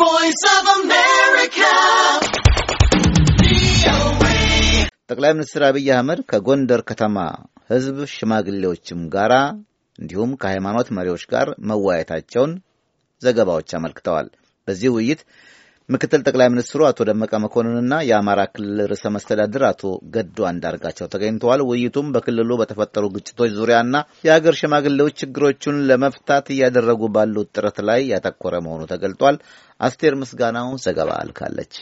voice ጠቅላይ ሚኒስትር አብይ አህመድ ከጎንደር ከተማ ህዝብ ሽማግሌዎችም ጋር እንዲሁም ከሃይማኖት መሪዎች ጋር መወያየታቸውን ዘገባዎች አመልክተዋል። በዚህ ውይይት ምክትል ጠቅላይ ሚኒስትሩ አቶ ደመቀ መኮንንና የአማራ ክልል ርዕሰ መስተዳድር አቶ ገዱ አንዳርጋቸው ተገኝተዋል። ውይይቱም በክልሉ በተፈጠሩ ግጭቶች ዙሪያና የአገር ሽማግሌዎች ችግሮቹን ለመፍታት እያደረጉ ባሉት ጥረት ላይ ያተኮረ መሆኑ ተገልጧል። አስቴር ምስጋናው ዘገባ አልካለች።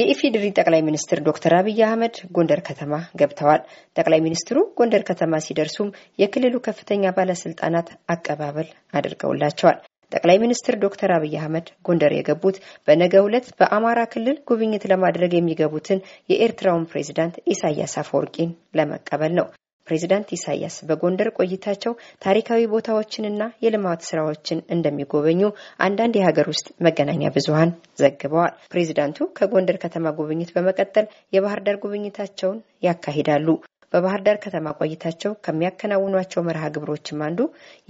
የኢፌዴሪ ጠቅላይ ሚኒስትር ዶክተር አብይ አህመድ ጎንደር ከተማ ገብተዋል። ጠቅላይ ሚኒስትሩ ጎንደር ከተማ ሲደርሱም የክልሉ ከፍተኛ ባለስልጣናት አቀባበል አድርገውላቸዋል። ጠቅላይ ሚኒስትር ዶክተር አብይ አህመድ ጎንደር የገቡት በነገ ዕለት በአማራ ክልል ጉብኝት ለማድረግ የሚገቡትን የኤርትራውን ፕሬዚዳንት ኢሳያስ አፈወርቂን ለመቀበል ነው። ፕሬዚዳንት ኢሳያስ በጎንደር ቆይታቸው ታሪካዊ ቦታዎችንና የልማት ስራዎችን እንደሚጎበኙ አንዳንድ የሀገር ውስጥ መገናኛ ብዙሃን ዘግበዋል። ፕሬዚዳንቱ ከጎንደር ከተማ ጉብኝት በመቀጠል የባህር ዳር ጉብኝታቸውን ያካሂዳሉ። በባህር ዳር ከተማ ቆይታቸው ከሚያከናውኗቸው መርሃ ግብሮችም አንዱ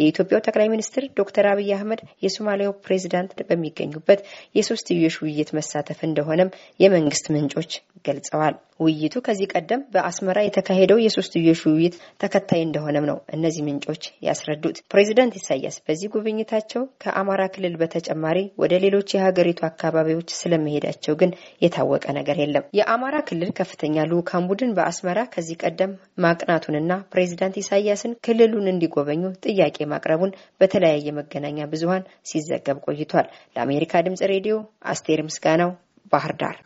የኢትዮጵያው ጠቅላይ ሚኒስትር ዶክተር አብይ አህመድ የሶማሊያው ፕሬዚዳንት በሚገኙበት የሶስትዮሽ ውይይት መሳተፍ እንደሆነም የመንግስት ምንጮች ገልጸዋል። ውይይቱ ከዚህ ቀደም በአስመራ የተካሄደው የሶስትዮሽ ውይይት ተከታይ እንደሆነም ነው እነዚህ ምንጮች ያስረዱት። ፕሬዚዳንት ኢሳያስ በዚህ ጉብኝታቸው ከአማራ ክልል በተጨማሪ ወደ ሌሎች የሀገሪቱ አካባቢዎች ስለመሄዳቸው ግን የታወቀ ነገር የለም። የአማራ ክልል ከፍተኛ ልዑካን ቡድን በአስመራ ከዚህ ቀደም ዳግም ማቅናቱንና ፕሬዚዳንት ኢሳያስን ክልሉን እንዲጎበኙ ጥያቄ ማቅረቡን በተለያየ መገናኛ ብዙኃን ሲዘገብ ቆይቷል። ለአሜሪካ ድምጽ ሬዲዮ አስቴር ምስጋናው ባህር ዳር